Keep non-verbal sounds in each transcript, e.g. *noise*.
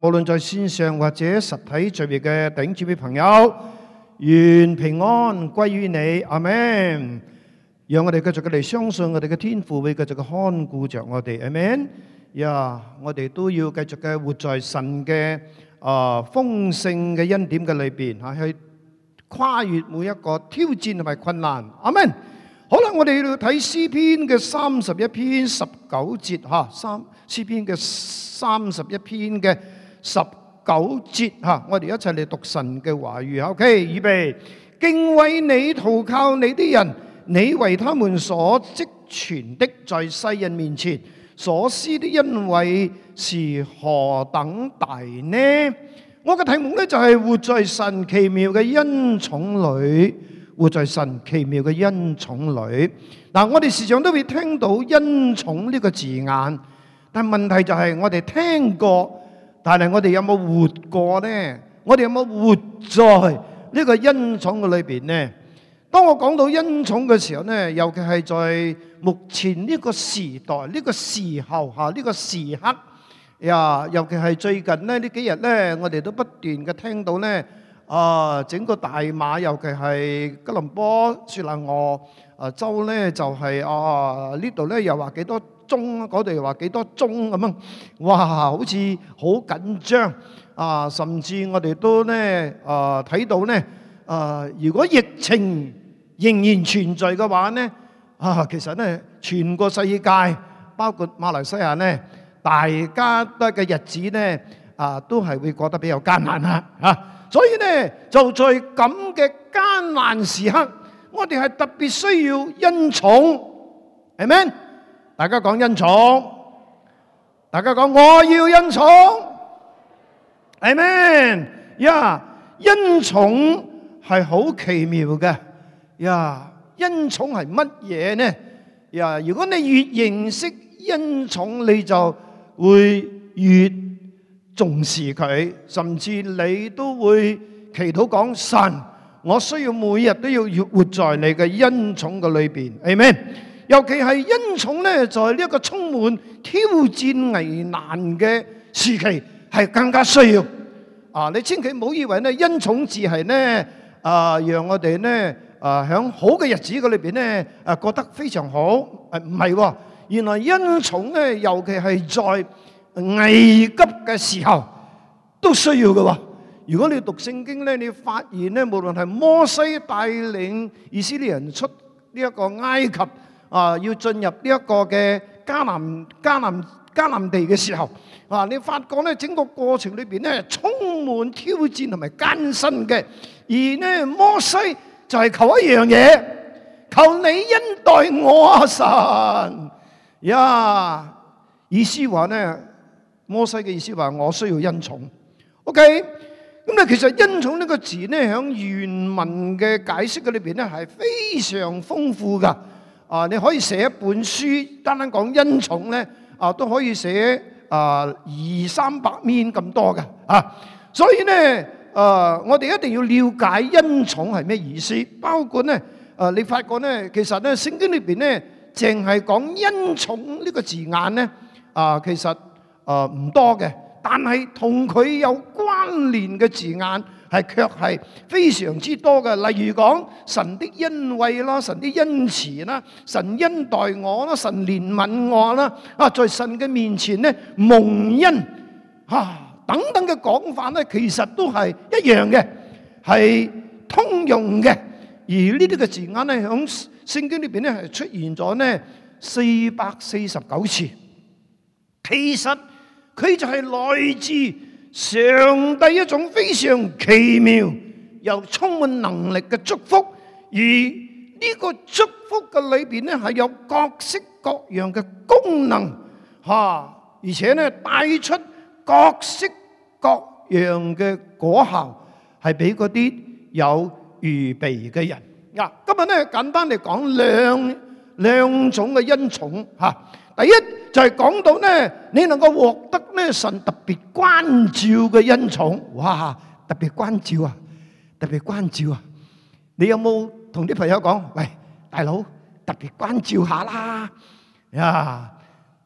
無論在綫上或者實體聚會嘅頂住，啲朋友願平安歸於你，阿們。讓我哋繼續嘅嚟，相信我哋嘅天父會繼續嘅看顧着我哋，阿們。呀，我哋都要繼續嘅活在神嘅啊豐盛嘅恩典嘅裏邊，吓去跨越每一個挑戰同埋困難，阿們。好啦，我哋要睇詩篇嘅三十一篇十九節，吓三詩篇嘅三十一篇嘅。十九節哈，我哋一齊嚟讀神嘅話語。O.K. 預備。敬畏你，投靠你啲人，你為他們所積存的，在世人面前所施的恩惠是何等大呢？我嘅題目咧就係活在神奇妙嘅恩寵裏，活在神奇妙嘅恩寵裏。嗱，我哋時常都會聽到恩寵呢個字眼，但問題就係我哋聽過。但係我哋有冇活過呢？我哋有冇活在呢個恩寵嘅裏邊呢？當我講到恩寵嘅時候呢，尤其係在目前呢個時代，呢個時候吓、呢個時刻呀，尤其係最近呢呢幾日呢，我哋都不斷嘅聽到呢，啊、呃、整個大馬，尤其係吉隆坡、雪蘭莪、啊州呢，就係啊呢度呢又話幾多。鐘嗰度話幾多鐘咁啊？哇，好似好緊張啊！甚至我哋都咧啊，睇到咧啊，如果疫情仍然存在嘅話咧啊，其實咧全個世界包括馬來西亞咧，大家都嘅日子咧啊，都係會過得比較艱難啦啊！所以咧，就在咁嘅艱難時刻，我哋係特別需要恩寵，係咪？大家講恩寵，大家講我要恩寵，Amen 呀！恩寵係好奇妙嘅呀！恩寵係乜嘢呢？呀！如果你越認識恩寵，你就會越重視佢，甚至你都會祈禱講神，我需要每日都要活在你嘅恩寵嘅裏邊，Amen。尤其係恩寵咧，在呢一個充滿挑戰危難嘅時期，係更加需要啊！你千祈唔好以為咧恩寵字係咧啊，讓我哋咧啊響好嘅日子嘅裏邊咧啊覺得非常好，誒唔係喎。原來恩寵咧，尤其係在危急嘅時候都需要嘅喎。如果你讀聖經咧，你發現咧，無論係摩西帶領以色列人出呢一個埃及。啊！要進入呢一個嘅迦南、迦南、迦南地嘅時候，啊！你發覺咧，整個過程裏邊咧充滿挑戰同埋艱辛嘅，而呢摩西就係求一樣嘢，求你恩待我啊神呀！Yeah, 意思話咧，摩西嘅意思話我需要恩寵。OK，咁咧其實恩寵個呢個字咧喺原文嘅解釋嘅裏邊咧係非常豐富噶。啊，你可以寫一本書單單講恩寵咧，啊都可以寫啊二三百面咁多嘅啊。所以咧，啊我哋一定要了解恩寵係咩意思，包括咧，啊你發覺咧，其實咧聖經裏邊咧，淨係講恩寵呢個字眼咧，啊其實啊唔多嘅，但係同佢有關聯嘅字眼。係卻係非常之多嘅，例如講神的恩惠啦、神的恩慈啦、神恩待我啦、神憐憫我啦，啊，在神嘅面前咧蒙恩啊，等等嘅講法咧，其實都係一樣嘅，係通用嘅。而呢啲嘅字眼咧，響聖經裏邊咧係出現咗咧四百四十九次。其實佢就係來自。上帝一種非常奇妙又充滿能力嘅祝福，而呢個祝福嘅裏邊咧係有各式各樣嘅功能，嚇，而且咧帶出各式各樣嘅果效，係俾嗰啲有預備嘅人。嗱，今日咧簡單嚟講，兩兩種嘅恩寵嚇。第一就係講到呢，你能夠獲得咩神特別關照嘅恩寵，哇！特別關照啊，特別關照啊！你有冇同啲朋友講：喂，大佬特別關照下啦！呀，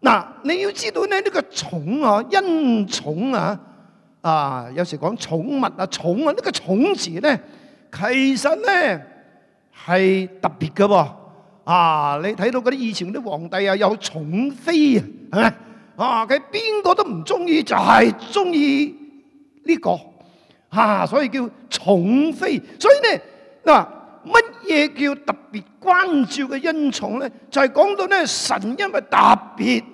嗱，你要知道呢呢個寵啊，恩寵啊，啊，有時講寵物啊，寵啊，呢個寵字呢，其實呢係特別噶噃。啊！你睇到嗰啲以前啲皇帝啊，有寵妃啊，係咪？啊，佢邊個都唔中意，就係中意呢個吓、啊，所以叫寵妃。所以咧，嗱、啊，乜嘢叫特別關照嘅恩寵咧？就係、是、講到咧，神因為特別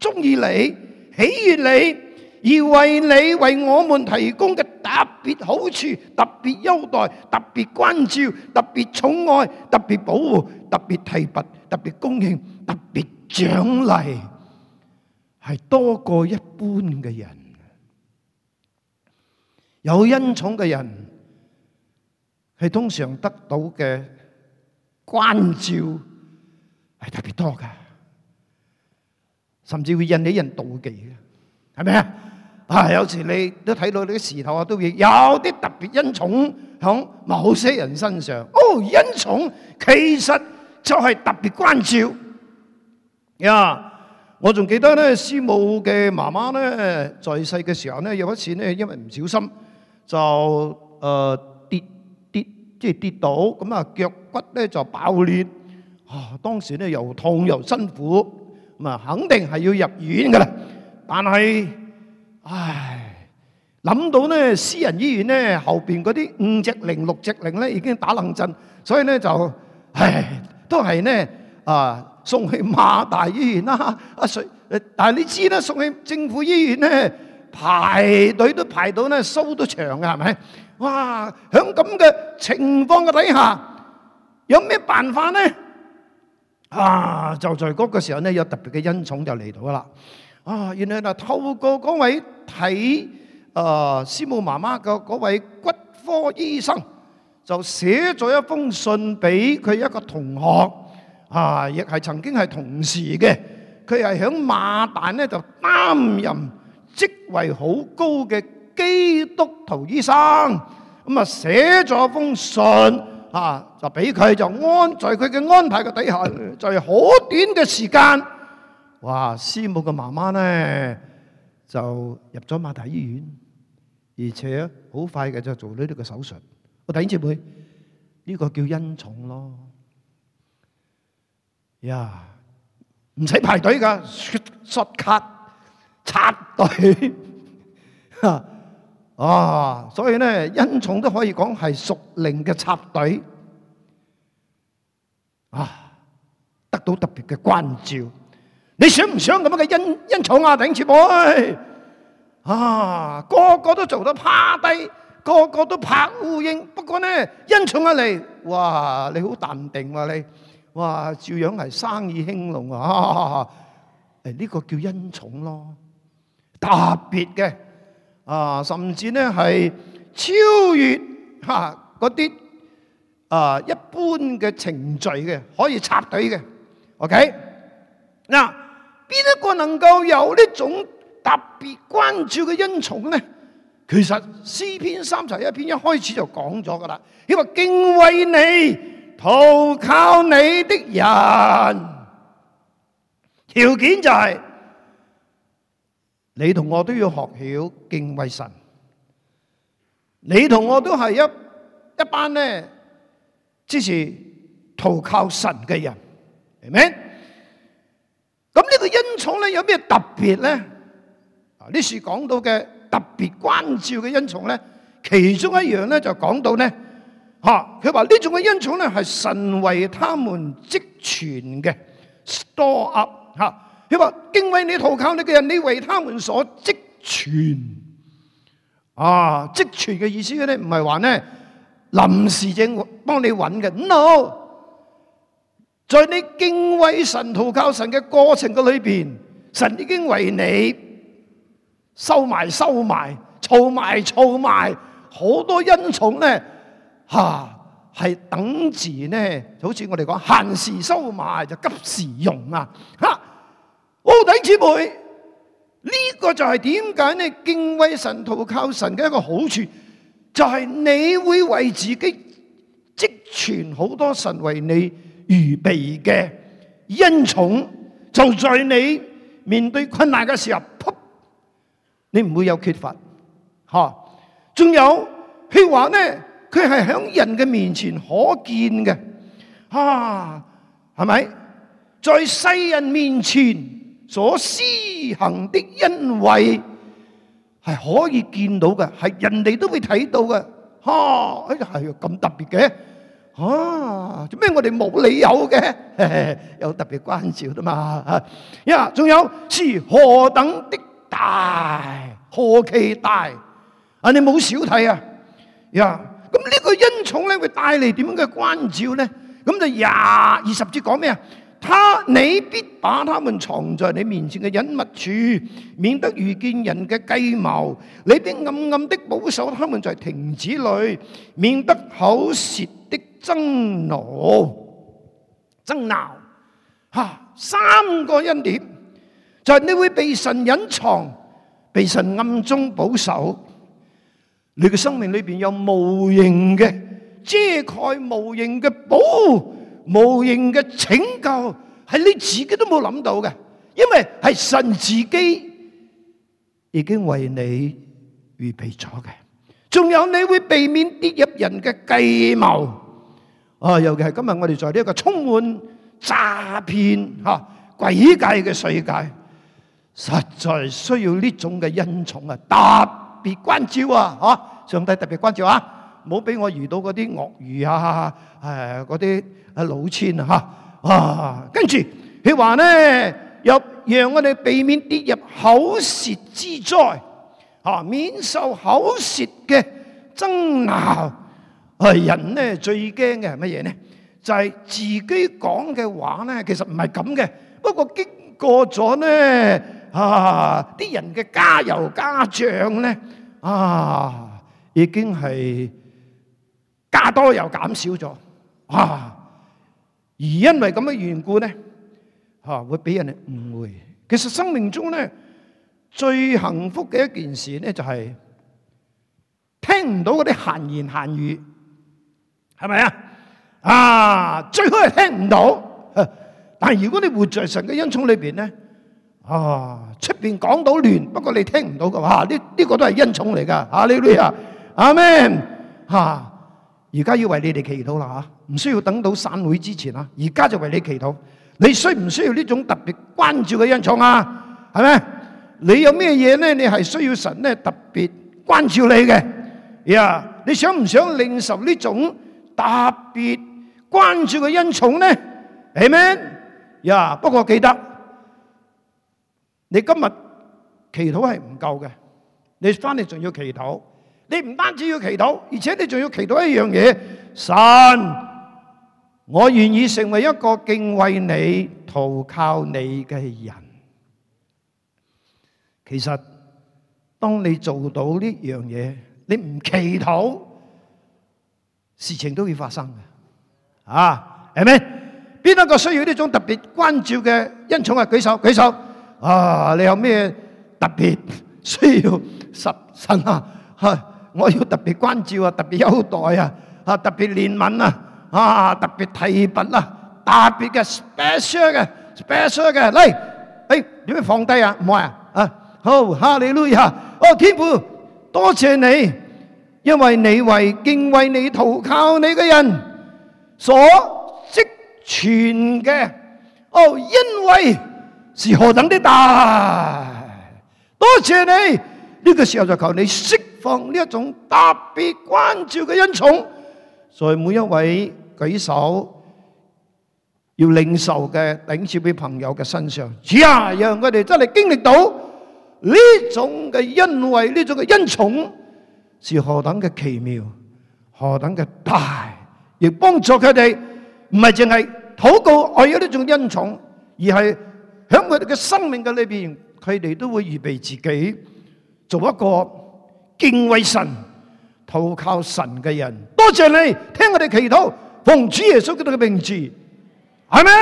中意你，喜悅你。要為你為我們提供嘅特別好處、特別優待、特別關照、特別寵愛、特別保護、特別提拔、特別恭敬、特別獎勵，係多過一般嘅人。有恩寵嘅人，係通常得到嘅關照係特別多噶，甚至會引起人妒忌嘅，係咪啊？啊！有時你都睇到你啲時頭啊，都會有啲特別恩寵響某些人身上。哦，恩寵其實就係特別關照。呀！我仲記得咧，師母嘅媽媽咧，在世嘅時候咧，有一次咧，因為唔小心就誒跌跌，即係跌倒咁啊，腳骨咧就爆裂。啊！當時咧又痛又辛苦，咁啊，肯定係要入院噶啦。但係，唉，諗到呢私人醫院呢後邊嗰啲五隻零六隻零呢已經打冷震，所以呢就唉都係呢啊送去馬大醫院啦，啊。阿、啊、水？但係你知啦，送去政府醫院呢，排隊都排到呢蘇都長嘅係咪？哇！喺咁嘅情況嘅底下，有咩辦法呢？啊！就在嗰個時候呢，有特別嘅恩寵就嚟到啦。啊！原來嗱，透過嗰位睇啊師母媽媽嘅嗰位骨科醫生，就寫咗一封信俾佢一個同學，啊，亦係曾經係同事嘅，佢係響馬大呢就擔任職位好高嘅基督徒醫生，咁啊寫咗封信啊，就俾佢就安在佢嘅安排嘅底下，就係好短嘅時間。哇！師母嘅媽媽咧就入咗馬大醫院，而且好快嘅就做呢啲嘅手術。我第一次會呢個叫恩寵咯。呀，唔使排隊噶，刷卡插隊啊！所以咧，恩寵都可以講係屬靈嘅插隊啊，得到特別嘅關照。你想唔想咁樣嘅恩恩寵啊？頂住妹啊，個個都做到趴低，個個都拍烏蠅。不過呢，恩寵嚟，哇，你好淡定啊你，哇，照樣係生意興隆啊！誒，呢個叫恩寵咯，特別嘅啊，甚至呢係超越吓嗰啲啊一般嘅程序嘅，可以插隊嘅，OK 嗱。邊一個能夠有呢種特別關注嘅恩寵呢？其實詩篇三十一篇一開始就講咗噶啦，因為敬畏你、投靠你的人，條件就係你同我都要學曉敬畏神，你同我都係一一班呢，即係投靠神嘅人，明唔明？咁呢個。呢有咩特別咧？啊，呢次講到嘅特別關照嘅恩寵咧，其中一樣咧就講到咧，吓，佢話呢種嘅恩寵咧係神為他們積存嘅 store up 吓，佢話敬畏你投靠你嘅人，你為他們所積存啊，積存嘅意思咧唔係話咧臨時正幫你揾嘅，no。在你敬畏神、徒靠神嘅過程嘅裏邊，神已經為你收埋、收埋、儲埋、儲埋，好多恩寵咧。吓、啊，係等住咧，就好似我哋講，閒時收埋就急時用啊！吓、啊，弟兄姊妹，呢、這個就係點解你敬畏神、徒靠神嘅一個好處，就係、是、你會為自己積存好多神為你。預備嘅恩寵，就在你面對困難嘅時候，噗，你唔會有缺乏，吓。仲有譬如話呢？佢係響人嘅面前可見嘅，啊，係咪？在世人面前所施行的恩惠，係可以見到嘅，係人哋都會睇到嘅，哈！哎係咁特別嘅。啊！做咩？我哋冇理由嘅，有特別關照噶嘛？呀，仲有是何等的大，何其大啊！你冇少睇啊？呀，咁呢個恩寵咧，會帶嚟點樣嘅關照咧？咁就廿二十節講咩啊？他你必把他們藏在你面前嘅隱密處，免得遇見人嘅計謀。你必暗暗的保守他們在亭子裏，免得口舌。.的爭怒爭鬧吓，三個恩典就係你會被神隱藏，被神暗中保守。你嘅生命裏邊有無形嘅遮蓋，無形嘅保護，無形嘅拯救，係你自己都冇諗到嘅，因為係神自己已經為你預備咗嘅。仲有你會避免跌入人嘅計謀啊！尤其係今日我哋在呢一個充滿詐騙吓詭計嘅世界，實在需要呢種嘅恩寵啊！特別關照啊！吓，上帝特別關照啊！唔好俾我遇到嗰啲鱷魚啊！誒，嗰啲啊老千啊！吓啊！跟住佢話咧，又讓我哋避免跌入口舌之災。啊，免受口舌嘅爭拗，啊，人咧最驚嘅係乜嘢咧？就係、是、自己講嘅話咧，其實唔係咁嘅。不過經過咗呢啊，啲人嘅加油加醬咧，啊，已經係加多又減少咗。哇、啊！而因為咁嘅緣故咧，嚇、啊、會俾人哋誤會。其實生命中咧～最幸福嘅一件事咧，就是，就係聽唔到嗰啲閒言閒語，係咪啊？啊，最好係聽唔到。但係如果你活在神嘅恩寵裏邊咧，啊，出邊講到亂，不過你聽唔到嘅話，呢呢個都係恩寵嚟噶。啊，呢啲，這個， *music* 啊，阿 Man 吓，而家要為你哋祈禱啦吓，唔需要等到散會之前啊，而家就為你祈禱。你需唔需要呢種特別關注嘅恩寵啊？係咪？你有咩嘢咧？你係需要神咧特別關照你嘅呀？你想唔想領受呢種特別關注嘅恩寵咧？係咩？呀！不過記得，你今日祈禱係唔夠嘅，你翻嚟仲要祈禱。你唔單止要祈禱，而且你仲要祈禱一樣嘢。神，我願意成為一個敬畏你、投靠你嘅人。其實當你做到呢樣嘢，你唔祈禱，事情都會發生嘅，啊，係咪？邊一個需要呢種特別關照嘅恩寵啊？舉手舉手！啊，你有咩特別需要？神神啊，吓，我要特別關照啊，特別優待啊，啊，特別憐憫啊，啊，特別提拔啊，特別嘅 special 嘅 special 嘅，嚟，誒，點樣放低啊？唔好啊，啊。好哈利路亞！哦，天父，多謝你，因為你為敬畏你投靠你嘅人所積存嘅哦，恩惠是何等的大！多謝你，呢個時候就求你釋放呢一種特別關照嘅恩寵，在每一位舉手要領受嘅頂少啲朋友嘅身上，呀，讓佢哋真係經歷到。呢種嘅恩惠，呢種嘅恩寵是何等嘅奇妙，何等嘅大，亦幫助佢哋唔係淨係禱告，愛有呢種恩寵，而係響佢哋嘅生命嘅裏邊，佢哋都會預備自己做一個敬畏神、投靠神嘅人。多謝你聽我哋祈禱，奉主耶穌基督嘅名字，阿門，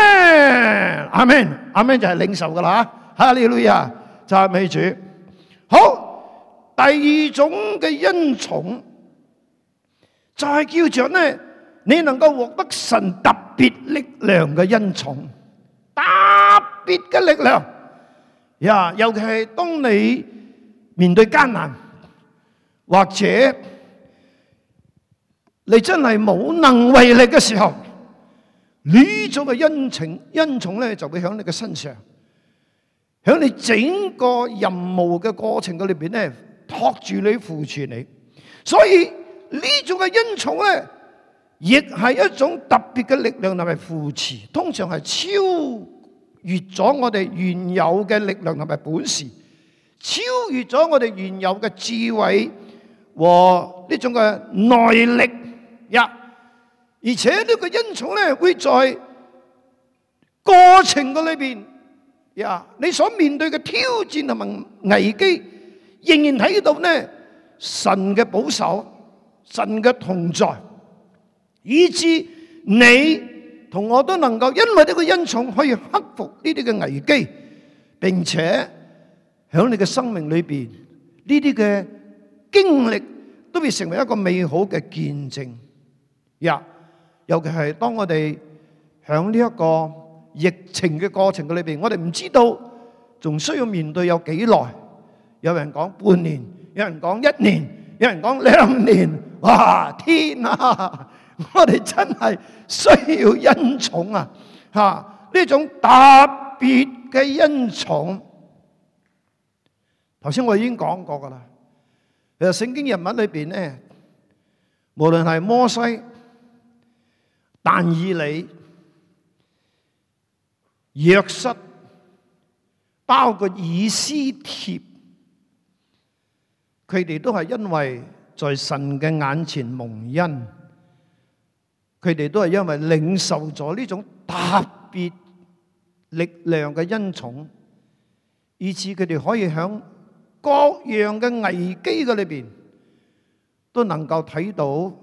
阿門，阿門就係領受噶啦吓，下呢個女啊。讚美主，好。第二種嘅恩寵就係叫做咧，你能夠獲得神特別力量嘅恩寵，特別嘅力量呀。尤其係當你面對艱難或者你真係冇能為力嘅時候，呢種嘅恩情恩寵咧就會響你嘅身上。喺你整個任務嘅過程嘅裏邊咧，托住你扶持你，所以呢種嘅恩寵咧，亦係一種特別嘅力量同埋扶持，通常係超越咗我哋原有嘅力量同埋本事，超越咗我哋原有嘅智慧和呢種嘅耐力。呀，而且呢個恩寵咧，會在過程嘅裏邊。呀！你所面對嘅挑戰同埋危機，仍然睇到呢，神嘅保守，神嘅同在，以致你同我都能夠因為呢個恩寵，可以克服呢啲嘅危機，並且喺你嘅生命裏邊，呢啲嘅經歷都會成為一個美好嘅見證。呀！尤其係當我哋喺呢一個。疫情嘅過程嘅裏邊，我哋唔知道仲需要面對有幾耐？有人講半年，有人講一年，有人講兩年。哇！天啊，我哋真係需要恩寵啊！吓呢種特別嘅恩寵。頭先我已經講過㗎喇，其實聖經人物裏邊呢，無論係摩西、但以理。約瑟包括以斯帖，佢哋都係因為在神嘅眼前蒙恩，佢哋都係因為領受咗呢種特別力量嘅恩寵，以至佢哋可以響各樣嘅危機嘅裏邊都能夠睇到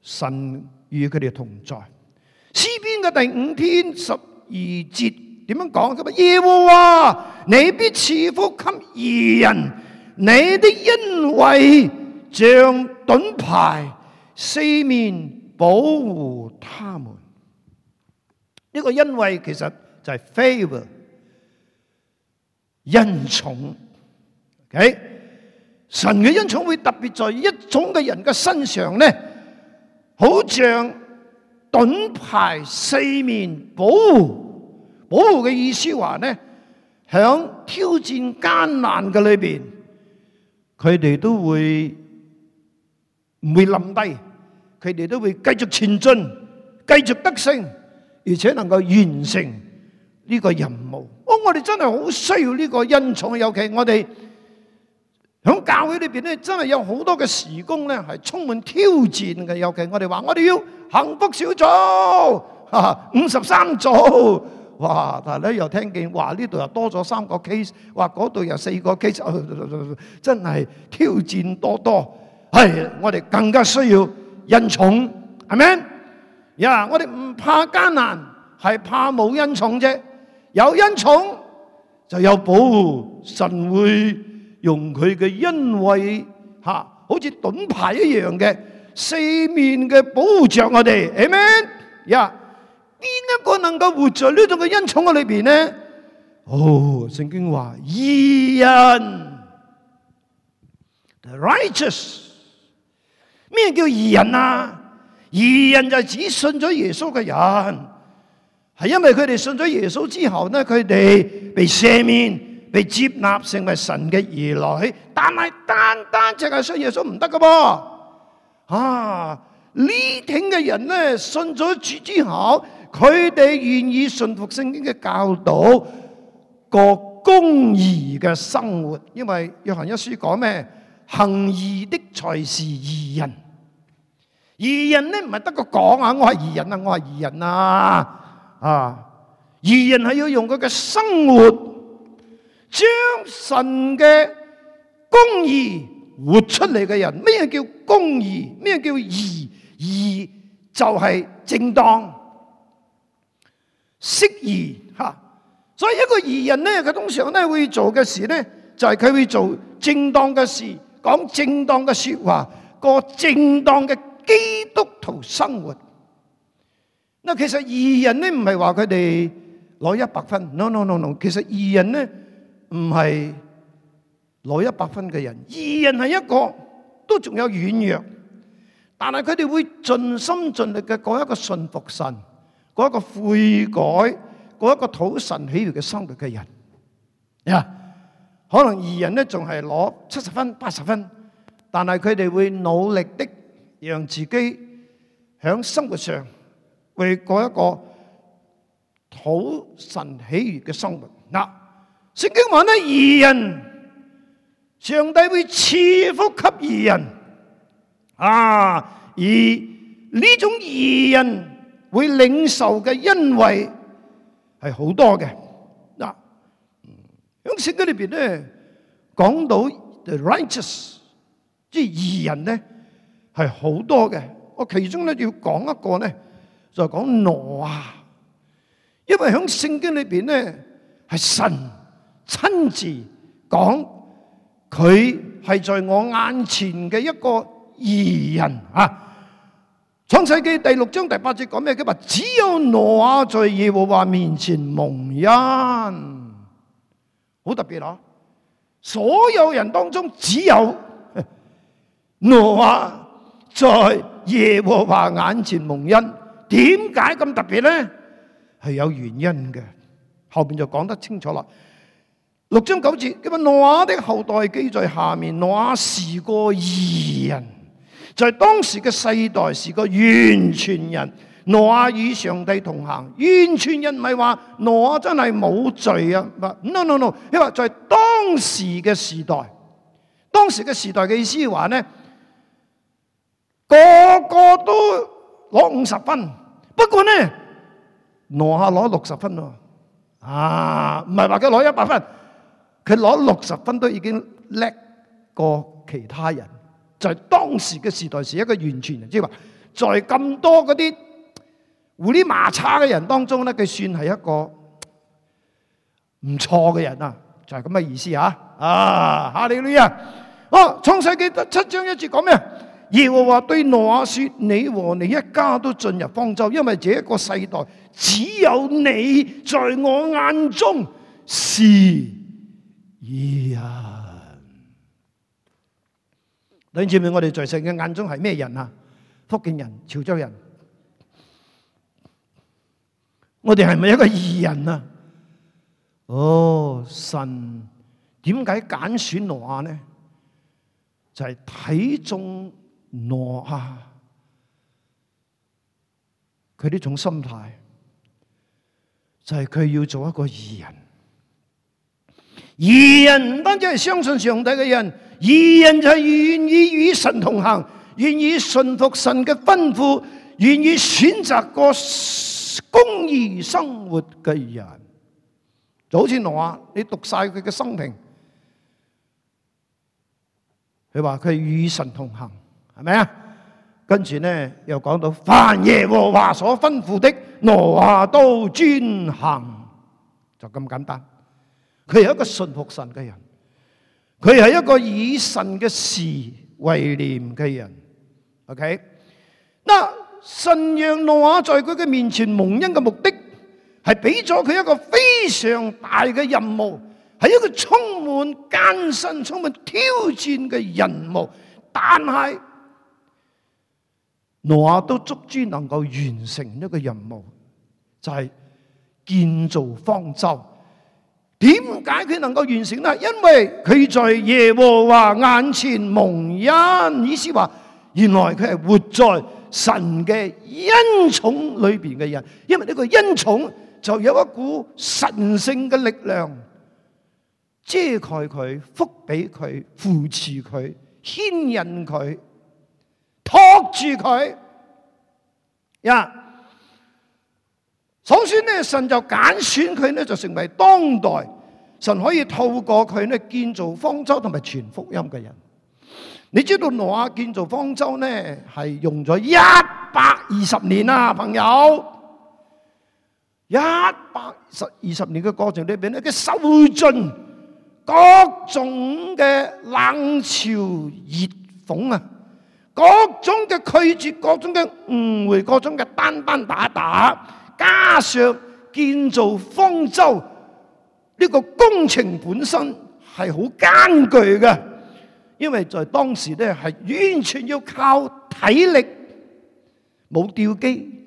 神與佢哋同在。詩篇嘅第五篇十。二節點樣講？咁啊耶和華，你必賜福給義人，你的恩惠像盾牌，四面保護他們。呢個恩惠其實就係 favor，恩寵。OK，神嘅恩寵會特別在一種嘅人嘅身上咧，好像。盾牌四面保護，保護嘅意思話咧，喺挑戰艱難嘅裏邊，佢哋都會唔會冧低，佢哋都會繼續前進，繼續得勝，而且能夠完成呢個任務。哦，我哋真係好需要呢個恩寵，尤其我哋。響教會裏邊咧，真係有好多嘅時工咧，係充滿挑戰嘅。尤其我哋話，我哋要幸福小組，啊，五十三組，哇！但係咧又聽見話呢度又多咗三個 case，話嗰度又四個 case，真係挑戰多多。係我哋更加需要恩寵，係咪？呀，我哋唔怕艱難，係怕冇恩寵啫。有恩寵就有保護，神會用佢嘅恩惠吓，好似盾牌一樣嘅，四面嘅保護着我哋。Amen，呀，邊一個能夠活在呢種嘅恩寵嘅裏邊呢？哦，聖經話義人，the righteous，咩叫義人啊？義人就指信咗耶穌嘅人，係因為佢哋信咗耶穌之後呢，佢哋被赦免。被接納成為神嘅兒女，但係單單淨係信耶穌唔得噶噃。啊，呢種嘅人咧，信咗主之後，佢哋願意信服聖經嘅教導，過公義嘅生活。因為約翰一書講咩？行義的才是義人。義人咧唔係得個講啊，我係義人啊，我係義人啊，啊，義人係要用佢嘅生活，將神嘅公義活出嚟嘅人，咩嘢叫公義？咩叫義？義就係正當、適宜吓。所以一個義人咧，佢通常咧會做嘅事咧，就係、是、佢會做正當嘅事，講正當嘅說話，過正當嘅基督徒生活。那其實義人咧唔係話佢哋攞一百分 no，no no no no，其實義人咧。唔係攞一百分嘅人，二人係一個都仲有軟弱，但係佢哋會盡心盡力嘅過一個信服神、過一個悔改、過一個討神喜悅嘅生活嘅人。呀，可能二人呢仲係攞七十分、八十分，但係佢哋會努力的讓自己響生活上會過一個討神喜悅嘅生活。嗱。聖經話呢，義人，上帝會賜福給義人啊，而呢種義人會領受嘅恩惠係好多嘅。嗱，響聖經裏邊咧講到 the righteous，即係義人咧係好多嘅。我其中咧要講一個咧就係講挪亞，因為響聖經裏邊咧係神。親自講佢係在我眼前嘅一個義人啊！創世紀第六章第八節講咩？佢話只有挪亞在耶和華面前蒙恩，好特別啊！所有人當中只有挪亞在耶和華眼前蒙恩，點解咁特別咧？係有原因嘅，後邊就講得清楚啦。六章九節，因為諾亞的後代記在下面，諾亞是個義人，在、就是、當時嘅世代是個完全人，諾亞與上帝同行。完全人唔係話諾亞真係冇罪啊！唔係，no no no，因為在當時嘅時代，當時嘅時代嘅意思話咧，個個都攞五十分，不過呢，諾亞攞六十分咯，啊唔係話佢攞一百分。佢攞六十分都已經叻過其他人，就係當時嘅時代是一個完全人，即係話，在咁多嗰啲胡里麻叉嘅人當中咧，佢算係一個唔錯嘅人啊！就係咁嘅意思嚇啊！哈利路亞！哦，創世記第七章一節講咩啊？耶和華對挪亞說：你和你一家都進入方舟，因為這一個世代只有你在我眼中是異人，你知唔知我哋在神嘅眼中係咩人啊？福建人、潮州人，我哋係咪一個異人啊？哦，神，點解揀選挪亞呢？就係、是、睇中挪亞佢呢種心態，就係、是、佢要做一個異人。義人唔單止係相信上帝嘅人，義人就係願意與神同行，願意順服神嘅吩咐，願意選擇過公義生活嘅人。就好似挪亞，你讀晒佢嘅生平，佢話佢與神同行，係咪啊？跟住呢，又講到凡耶和華所吩咐的，挪亞都遵行，就咁簡單。佢係一個信服神嘅人，佢係一個以神嘅事為念嘅人。OK，嗱，神讓挪亞在佢嘅面前蒙恩嘅目的，係俾咗佢一個非常大嘅任務，係一個充滿艱辛、充滿挑戰嘅任務。但係挪亞都卒之能夠完成呢個任務，就係建造方舟。點解佢能夠完成呢？因為佢在耶和華眼前蒙恩，意思話原來佢係活在神嘅恩寵裏邊嘅人，因為呢個恩寵就有一股神聖嘅力量遮蓋佢、覆庇佢、扶持佢、牽引佢、托住佢呀。首先咧，神就揀選佢咧，就成為當代神可以透過佢咧建造方舟同埋傳福音嘅人。你知道挪亞建造方舟咧，係用咗一百二十年啊，朋友，一百十二十年嘅過程裏邊咧，佢受盡各種嘅冷嘲熱諷啊，各種嘅拒絕，各種嘅誤會，各種嘅單單打打。加上建造方舟呢個工程本身係好艱巨嘅，因為在當時咧係完全要靠體力，冇吊機，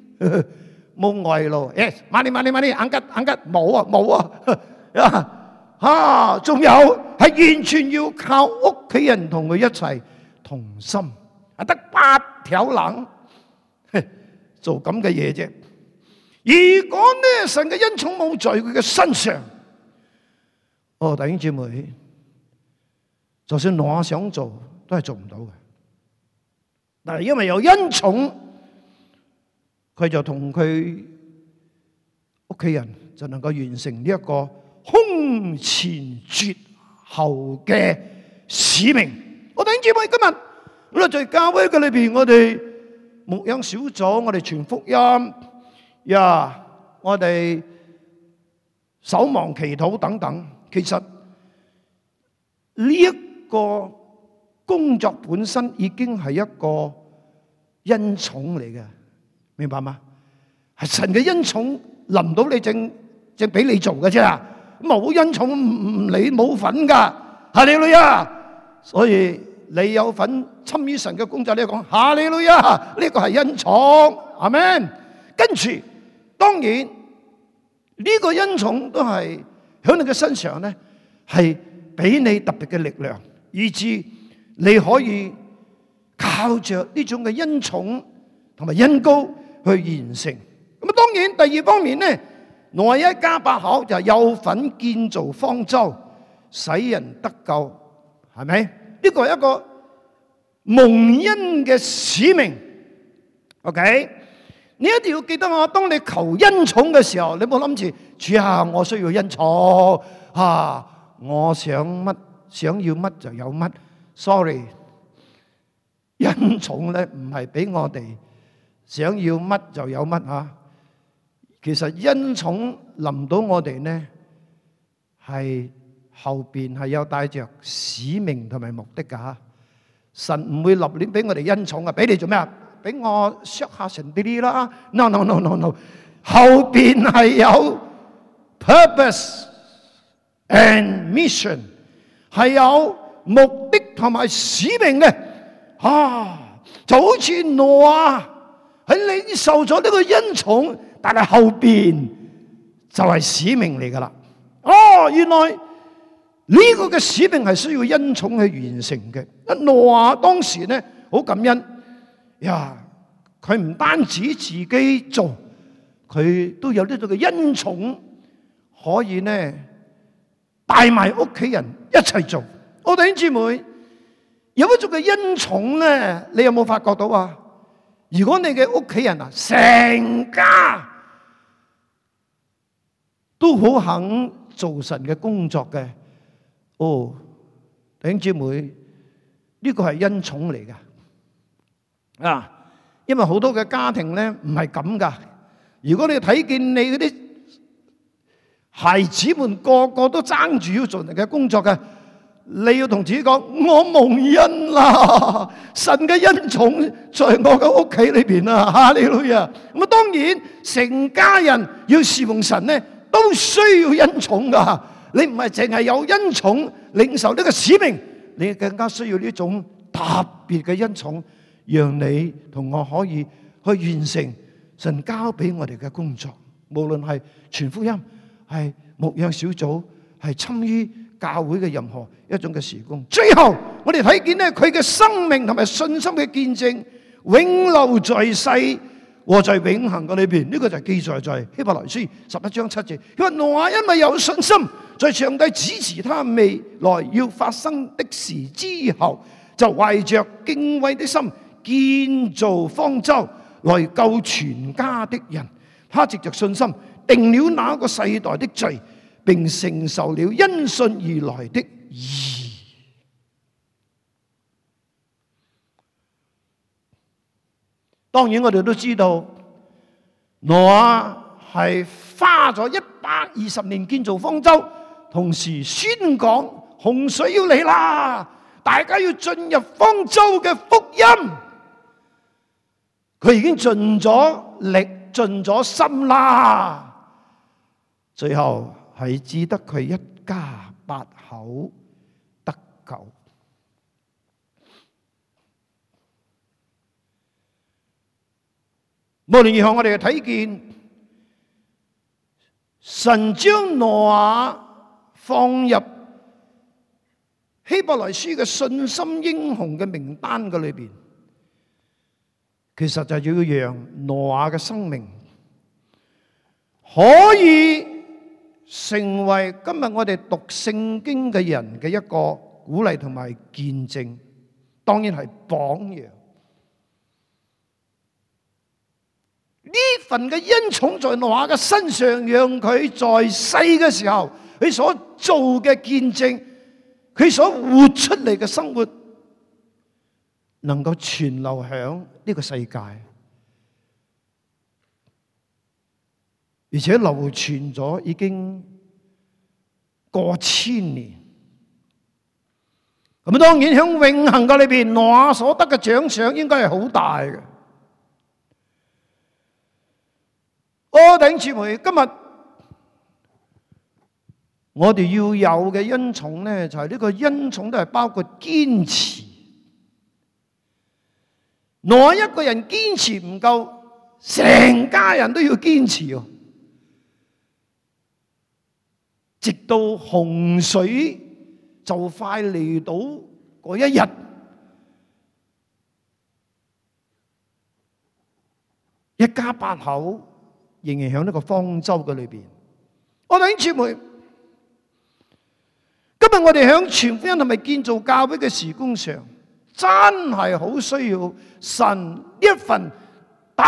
冇外勞。誒，慢啲，慢啲，慢啲，硬吉硬吉冇啊冇啊啊！仲有係完全要靠屋企人同佢一齊同心，啊得八條冷，做咁嘅嘢啫。如果呢，神嘅恩寵冇在佢嘅身上，哦，弟兄姊妹，就算我想做，都係做唔到嘅。但係，因為有恩寵，佢就同佢屋企人就能夠完成呢一個空前絕後嘅使命。我弟兄姊妹今日，我哋在教會嘅裏邊，我哋牧養小組，我哋傳福音，呀、yeah！我哋守望祈禱等等，其實呢一個工作本身已經係一個恩寵嚟嘅，明白嗎？係神嘅恩寵臨到你正正俾你做嘅啫，冇恩寵唔理冇份㗎。哈利路亞，所以你有份參與神嘅工作，你講，哈利路亞，呢個係恩寵，阿門？跟住。當然呢個恩寵都係喺你嘅身上咧，係俾你特別嘅力量，以致你可以靠着呢種嘅恩寵同埋恩膏去完成。咁啊，當然第二方面咧，內一家八口就有份建造方舟，使人得救，係咪？呢個係一個蒙恩嘅使命，OK。你一定要記得我，當你求恩寵嘅時候，你冇諗住主啊，我需要恩寵啊，我想乜想要乜就有乜。Sorry，恩寵咧，唔係俾我哋想要乜就有乜啊。其實恩寵臨到我哋咧，係後邊係有帶着使命同埋目的噶吓。神唔會立亂俾我哋恩寵啊，俾你做咩啊？俾我 shut 下神啲啲啦！No no no no no，後邊係有 purpose and mission，係有目的同埋使命嘅。啊，就好似挪亞，係領受咗呢個恩寵，但係後邊就係使命嚟噶啦。哦、啊，原來呢個嘅使命係需要恩寵去完成嘅。阿我挪亞當時咧好感恩。呀！佢唔單止自己做，佢都有呢度嘅恩寵，可以呢帶埋屋企人一齊做。我哋弟兄姊妹有呢種嘅恩寵呢？你有冇發覺到啊？如果你嘅屋企人啊，成家都好肯做神嘅工作嘅，哦，弟兄姊妹，呢個係恩寵嚟㗎。啊！因為好多嘅家庭咧，唔係咁噶。如果你睇見你嗰啲孩子們個個都爭住要做人嘅工作嘅，你要同自己講：我蒙恩啦，神嘅恩寵在我嘅屋企裏邊啦。吓，呢女啊，咁啊，當然成家人要侍奉神咧，都需要恩寵噶。你唔係淨係有恩寵領受呢個使命，你更加需要呢種特別嘅恩寵。讓你同我可以去完成神交俾我哋嘅工作，無論係傳福音、係牧養小組、係參與教會嘅任何一種嘅事工。最後我哋睇見咧，佢嘅生命同埋信心嘅見證永留在世和在永恆嘅裏邊。呢個就記載在希伯來書十一章七節。佢話：挪亞因為有信心，在上帝指示他未來要發生的事之後，就懷着敬畏的心，建造方舟來救全家的人，他藉着信心定了那個世代的罪，並承受了因信而來的義。當然我哋都知道，挪亞係花咗一百二十年建造方舟，同時宣講洪水要嚟啦，大家要進入方舟嘅福音。佢已經盡咗力、盡咗心啦，最後係只得佢一家八口得救。無論如何，我哋睇見神將挪亞放入希伯來書嘅信心英雄嘅名單嘅裏邊。其實就要讓諾亞嘅生命可以成為今日我哋讀聖經嘅人嘅一個鼓勵同埋見證，當然係榜樣。呢份嘅恩寵在諾亞嘅身上，讓佢在世嘅時候，佢所做嘅見證，佢所活出嚟嘅生活，能夠傳流響呢個世界，而且流傳咗已經過千年。咁啊，當然響永恆嘅裏邊，我所得嘅獎賞應該係好大嘅。柯頂傳媒，今日我哋要有嘅恩寵咧，就係呢個恩寵都係包括堅持。我一個人堅持唔夠，成家人都要堅持哦。直到洪水就快嚟到嗰一日，一家八口仍然喺呢個方舟嘅裏邊。我哋姊妹，今日我哋響傳福音同埋建造教會嘅事工上。真係好需要神一份特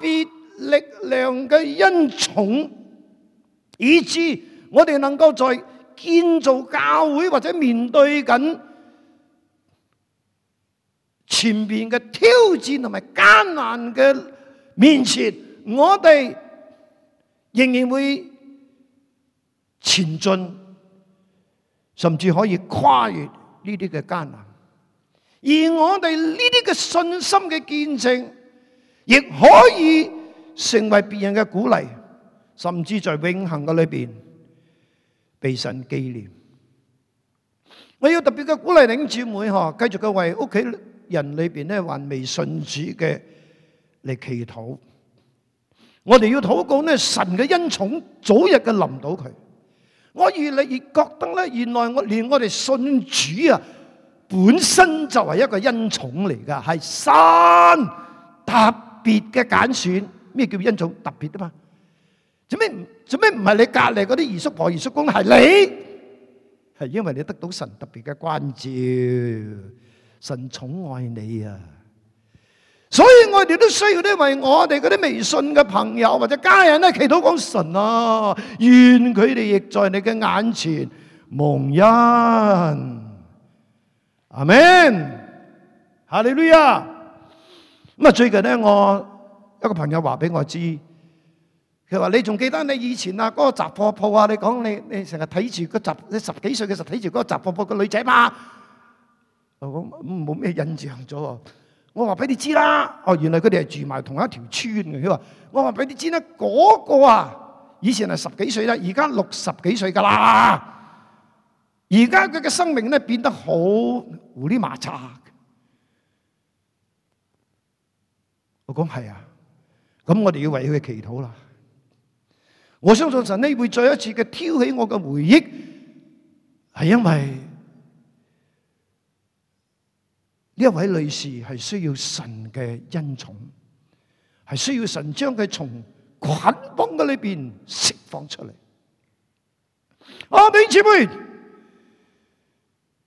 別力量嘅恩寵，以至我哋能夠在建造教會或者面對緊前面嘅挑戰同埋艱難嘅面前，我哋仍然會前進，甚至可以跨越呢啲嘅艱難。而我哋呢啲嘅信心嘅見證，亦可以成為別人嘅鼓勵，甚至在永恒嘅裏邊被神紀念。我要特別嘅鼓勵，弟兄姊妹嗬，繼續嘅為屋企人裏邊咧，還未信主嘅嚟祈禱。我哋要禱告呢神嘅恩寵早日嘅臨到佢。我越嚟越覺得咧，原來我連我哋信主啊。本身就係一個恩寵嚟噶，係神特別嘅揀選。咩叫恩寵特別啊？嘛？做咩做咩唔係你隔籬嗰啲二叔婆二叔公，係你？係因為你得到神特別嘅關照，神寵愛你啊！所以我哋都需要咧為我哋嗰啲微信嘅朋友或者家人咧祈禱講神啊，願佢哋亦在你嘅眼前蒙恩。阿 min，哈你女啊！咁啊最近咧，我一個朋友話俾我知，佢話，你仲記得你以前啊嗰個雜貨鋪啊？你講你你成日睇住個雜，你十幾歲嘅時候睇住嗰個雜貨鋪個女仔嘛？我冇咩印象咗啊。我話俾你知啦，哦原來佢哋係住埋同一條村嘅。佢話我話俾你知啦，嗰個啊以前係十幾歲啦，而家六十幾歲噶啦。而家佢嘅生命咧變得好糊裏麻擦，我講係啊，咁我哋要為佢祈禱啦。我相信神呢會再一次嘅挑起我嘅回憶，係因為呢一位女士係需要神嘅恩寵，係需要神將佢從捆綁嘅裏邊釋放出嚟。阿美姐妹。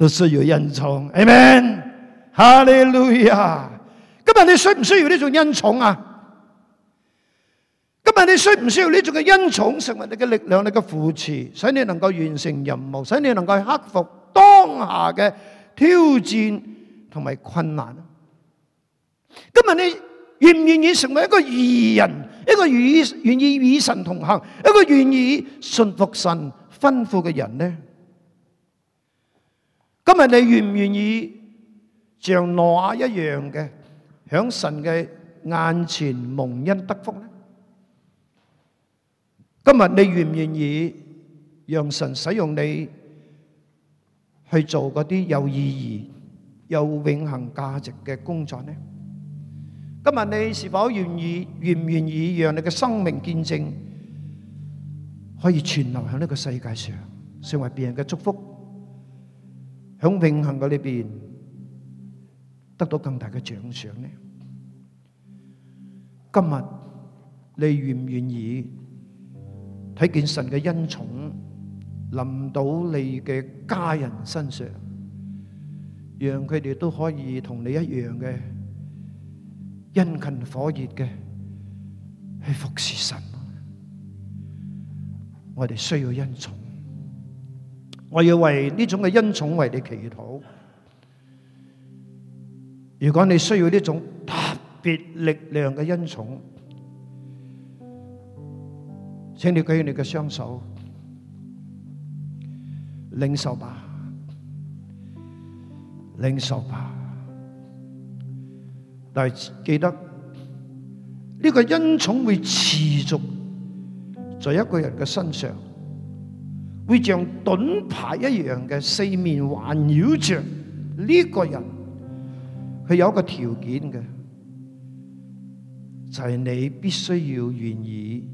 都需要恩寵，阿門，哈利路亞。今日你需唔需要呢種恩寵啊？今日你需唔需要呢種嘅恩寵成為你嘅力量、你嘅扶持，使你能夠完成任務，使你能夠克服當下嘅挑戰同埋困難？今日你願唔願意成為一個義人，一個願願意與神同行，一個願意信服神吩咐嘅人呢？今日你願唔願意像諾亞一樣嘅，喺神嘅眼前蒙恩得福呢？今日你願唔願意讓神使用你去做嗰啲有意義有永恒價值嘅工作呢？今日你是否願意，願唔願意讓你嘅生命見證可以傳留喺呢個世界上，成為別人嘅祝福？喺永恆嘅呢邊得到更大嘅獎賞呢？今日你願唔願意睇見神嘅恩寵臨到你嘅家人身上，讓佢哋都可以同你一樣嘅殷勤火熱嘅去服侍神？我哋需要恩寵。我要為呢種嘅恩寵為你祈禱。如果你需要呢種特別力量嘅恩寵，請你舉起你嘅雙手，領受吧，領受吧。但係記得，呢個恩寵會持續在一個人嘅身上。會像盾牌一樣嘅四面環繞着呢個人，佢有一個條件嘅，就係你必須要願意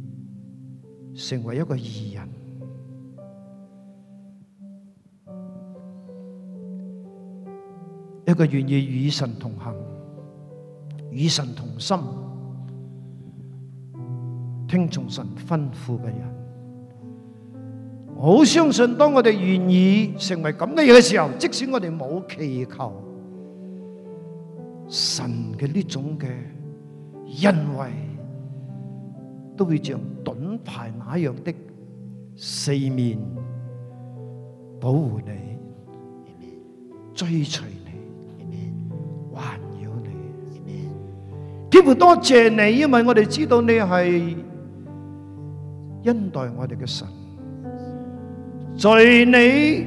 成為一個義人，一個願意與神同行、與神同心、聽從神吩咐嘅人。好相信，當我哋願意成為咁樣嘅時候，即使我哋冇祈求，神嘅呢種嘅恩惠，都會像盾牌那樣的四面保護你、追隨你、環繞你。天父多謝你，因為我哋知道你係恩待我哋嘅神。在你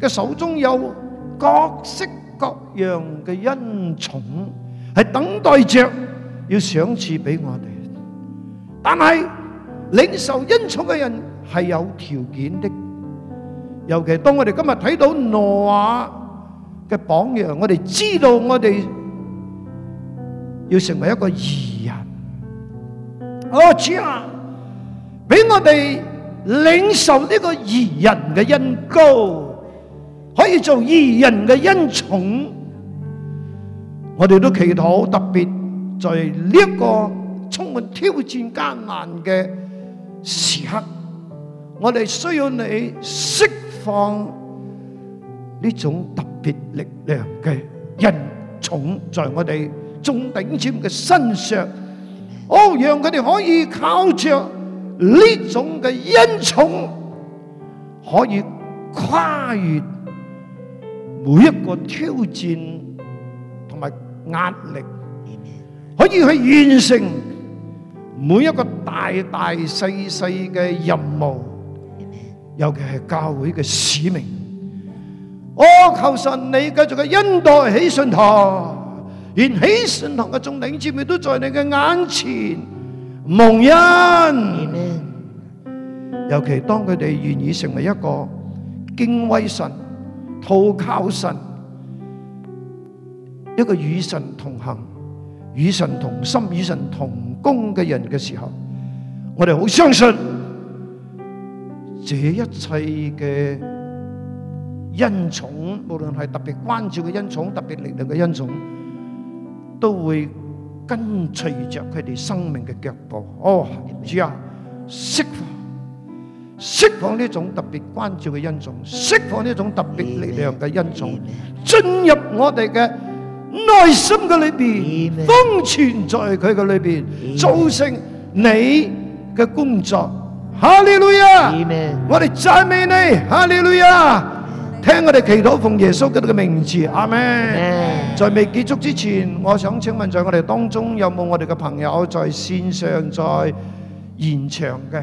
嘅手中有各式各樣嘅恩寵，係等待着要賞賜俾我哋。但係領受恩寵嘅人係有條件的。尤其當我哋今日睇到挪亞嘅榜樣，我哋知道我哋要成為一個義人。阿主啊，俾我哋！領受呢個義人嘅恩膏，可以做義人嘅恩寵。我哋都祈禱，特別在呢一個充滿挑戰、艱難嘅時刻，我哋需要你釋放呢種特別力量嘅恩寵，在我哋中頂尖嘅身上，哦，讓佢哋可以靠着。呢種嘅恩寵可以跨越每一個挑戰同埋壓力，可以去完成每一個大大細細嘅任務，尤其係教會嘅使命。我求神你繼續嘅恩待喜信堂，連喜信堂嘅眾領袖們都在你嘅眼前蒙恩。尤其當佢哋願意成為一個敬畏神、投靠神、一個與神同行、與神同心、與神同工嘅人嘅時候，我哋好相信，這一切嘅恩寵，無論係特別關注嘅恩寵、特別力量嘅恩寵，都會跟隨着佢哋生命嘅腳步。哦，知啊，釋放。釋放呢種特別關照嘅恩寵，釋放呢種特別力量嘅恩寵，進入我哋嘅內心嘅裏邊，封存在佢嘅裏邊，造成你嘅工作。哈利路亞，我哋讚美你，哈利路亞。聽我哋祈禱奉耶穌嘅嘅名字，阿門。在未結束之前，我想請問，在我哋當中有冇我哋嘅朋友在線上在現場嘅？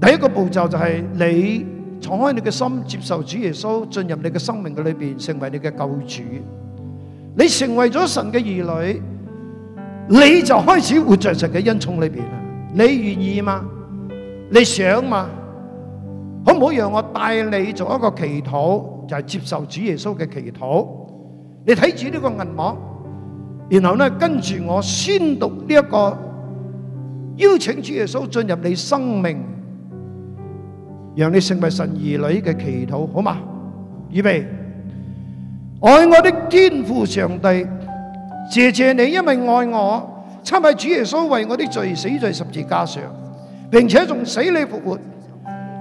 第一個步驟就係你敞開你嘅心，接受主耶穌進入你嘅生命嘅裏邊，成為你嘅救主。你成為咗神嘅兒女，你就開始活在神嘅恩寵裏邊啊！你願意嗎？你想嘛？可唔可以讓我帶你做一個祈禱，就係接受主耶穌嘅祈禱。你睇住呢個銀幕，然後呢跟住我宣讀呢一個邀請主耶穌進入你生命。讓你成為神兒女嘅祈禱，好嘛？預備，愛我的天父上帝，謝謝你，因為愛我，差派主耶穌為我的罪死在十字架上，並且仲死裏復活。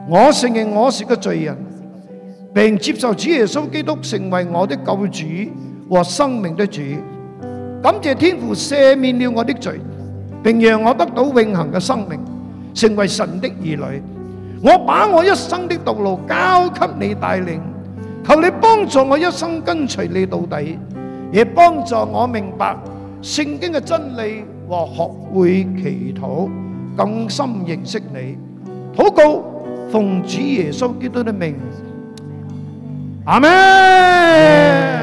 我承認我是個罪人，並接受主耶穌基督成為我的救主和生命的主。感謝天父赦免了我的罪，並讓我得到永恆嘅生命，成為神的兒女。我把我一生的道路交給你帶領，求你幫助我一生跟隨你到底，也幫助我明白聖經嘅真理和學會祈禱，更深認識你。禱告奉主耶穌基督嘅名，阿門。